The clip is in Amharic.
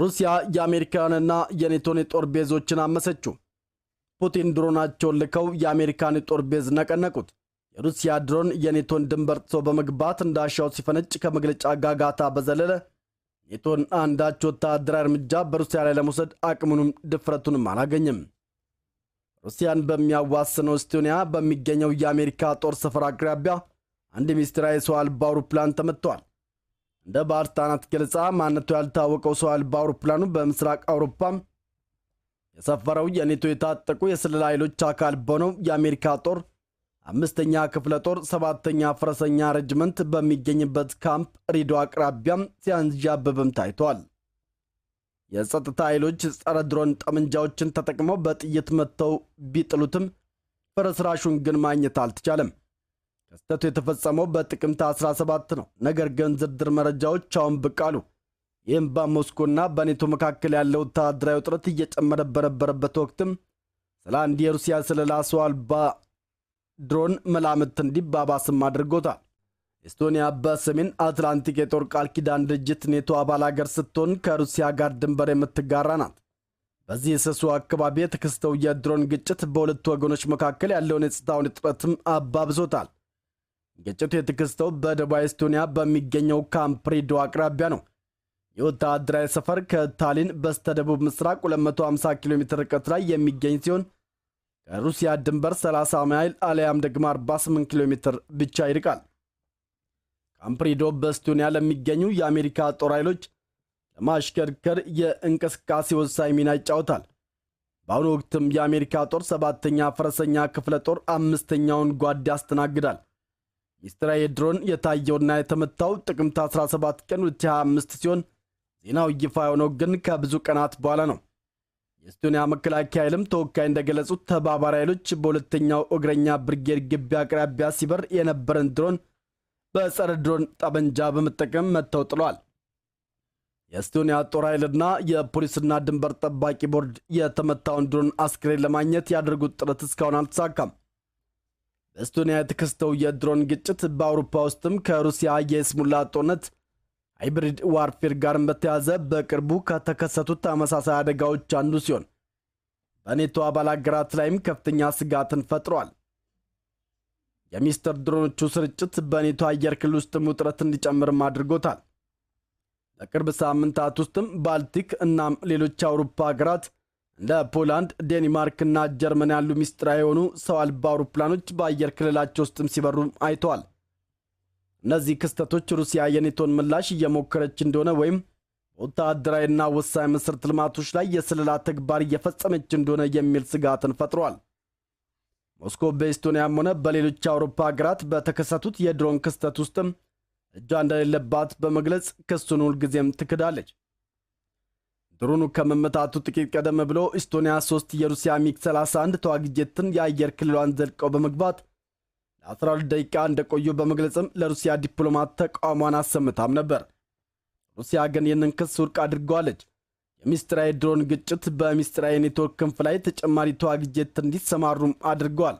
ሩሲያ የአሜሪካንና የኔቶን የጦር ቤዞችን አመሰችው። ፑቲን ድሮናቸውን ልከው የአሜሪካን የጦር ቤዝ ነቀነቁት። የሩሲያ ድሮን የኔቶን ድንበር ጥሶ በመግባት እንዳሻው ሲፈነጭ ከመግለጫ ጋጋታ በዘለለ ኔቶን አንዳች ወታደራዊ እርምጃ በሩሲያ ላይ ለመውሰድ አቅሙንም ድፍረቱንም አላገኝም። ሩሲያን በሚያዋስነው ስቶኒያ በሚገኘው የአሜሪካ ጦር ሰፈር አቅራቢያ አንድ ምስጢራዊ ሰው አልባ አውሮፕላን እንደ ባለስልጣናት ገለጻ ማንነቱ ያልታወቀው ሰው አልባ አውሮፕላኑ በምስራቅ አውሮፓ የሰፈረው የኔቶ የታጠቁ የስለላ ኃይሎች አካል በሆነው የአሜሪካ ጦር አምስተኛ ክፍለ ጦር ሰባተኛ ፈረሰኛ ረጅመንት በሚገኝበት ካምፕ ሪዶ አቅራቢያም ሲያንዣብብም ታይቷል። የጸጥታ ኃይሎች ጸረ ድሮን ጠመንጃዎችን ተጠቅመው በጥይት መጥተው ቢጥሉትም ፍርስራሹን ግን ማግኘት አልተቻለም። ክስተቱ የተፈጸመው በጥቅምት 17 ነው። ነገር ግን ዝርዝር መረጃዎች አሁን ብቅ አሉ። ይህም በሞስኮና በኔቶ መካከል ያለው ወታደራዊ ውጥረት እየጨመረ በነበረበት ወቅትም ስለ አንድ የሩሲያ ስለላ ሰው አልባ ድሮን መላምት እንዲባባስም አድርጎታል። ኤስቶኒያ በሰሜን አትላንቲክ የጦር ቃል ኪዳን ድርጅት ኔቶ አባል አገር ስትሆን ከሩሲያ ጋር ድንበር የምትጋራ ናት። በዚህ የሰሱ አካባቢ የተከሰተው የድሮን ግጭት በሁለቱ ወገኖች መካከል ያለውን የጸጥታውን ውጥረትም አባብሶታል። ግጭቱ የተከሰተው በደቡብ ኤስቶኒያ በሚገኘው ካምፕሪዶ አቅራቢያ ነው። የወታደራዊ ሰፈር ከታሊን በስተደቡብ ምስራቅ 250 ኪሎ ሜትር ርቀት ላይ የሚገኝ ሲሆን ከሩሲያ ድንበር 30 ማይል አሊያም ደግሞ 48 ኪሎ ሜትር ብቻ ይርቃል። ካምፕሪዶ በስቶኒያ በኤስቶኒያ ለሚገኙ የአሜሪካ ጦር ኃይሎች ለማሽከርከር የእንቅስቃሴ ወሳኝ ሚና ይጫወታል። በአሁኑ ወቅትም የአሜሪካ ጦር ሰባተኛ ፈረሰኛ ክፍለ ጦር አምስተኛውን ጓድ ያስተናግዳል። የእስራኤል ድሮን የታየውና የተመታው ጥቅምት 17 ቀን 2025 ሲሆን ዜናው ይፋ የሆነው ግን ከብዙ ቀናት በኋላ ነው። የኤስቶኒያ መከላከያ ኃይልም ተወካይ እንደገለጹት ተባባሪ ኃይሎች በሁለተኛው እግረኛ ብርጌድ ግቢ አቅራቢያ ሲበር የነበረን ድሮን በጸረ ድሮን ጠመንጃ በመጠቀም መጥተው ጥለዋል። የኤስቶኒያ ጦር ኃይልና የፖሊስና ድንበር ጠባቂ ቦርድ የተመታውን ድሮን አስክሬን ለማግኘት ያደረጉት ጥረት እስካሁን አልተሳካም። በስቶኒያ የተከሰተው የድሮን ግጭት በአውሮፓ ውስጥም ከሩሲያ የስሙላ ጦርነት ሃይብሪድ ዋርፌር ጋርም በተያዘ በቅርቡ ከተከሰቱት ተመሳሳይ አደጋዎች አንዱ ሲሆን በኔቶ አባል አገራት ላይም ከፍተኛ ስጋትን ፈጥሯል። የሚስተር ድሮኖቹ ስርጭት በኔቶ አየር ክልል ውስጥም ውጥረት እንዲጨምርም አድርጎታል። በቅርብ ሳምንታት ውስጥም ባልቲክ እናም ሌሎች አውሮፓ ሀገራት እንደ ፖላንድ፣ እና ጀርመን ያሉ ሚስጥራ የሆኑ ሰው አልባ አውሮፕላኖች በአየር ክልላቸው ውስጥም ሲበሩ አይተዋል። እነዚህ ክስተቶች ሩሲያ የኔቶን ምላሽ እየሞከረች እንደሆነ ወይም ወታደራዊና ወሳኝ መሠረተ ልማቶች ላይ የስለላ ተግባር እየፈጸመች እንደሆነ የሚል ስጋትን ፈጥሯል። ሞስኮ በኤስቶኒያም ሆነ በሌሎች አውሮፓ ሀገራት በተከሰቱት የድሮን ክስተት ውስጥም እጇ እንደሌለባት በመግለጽ ክሱን ሁልጊዜም ትክዳለች። ድሮኑ ከመመታቱ ጥቂት ቀደም ብሎ ኢስቶኒያ 3 የሩሲያ ሚግ 31 ተዋጊ ጀትን የአየር ክልሏን ዘልቀው በመግባት ለ12 ደቂቃ እንደቆዩ በመግለጽም ለሩሲያ ዲፕሎማት ተቃውሟን አሰምታም ነበር። ሩሲያ ግን ይህንን ክስ ውድቅ አድርጓለች። የሚስጥራዊ ድሮን ግጭት በሚስጥራዊ ኔትወርክ ክንፍ ላይ ተጨማሪ ተዋጊ ጀት እንዲሰማሩም አድርጓል።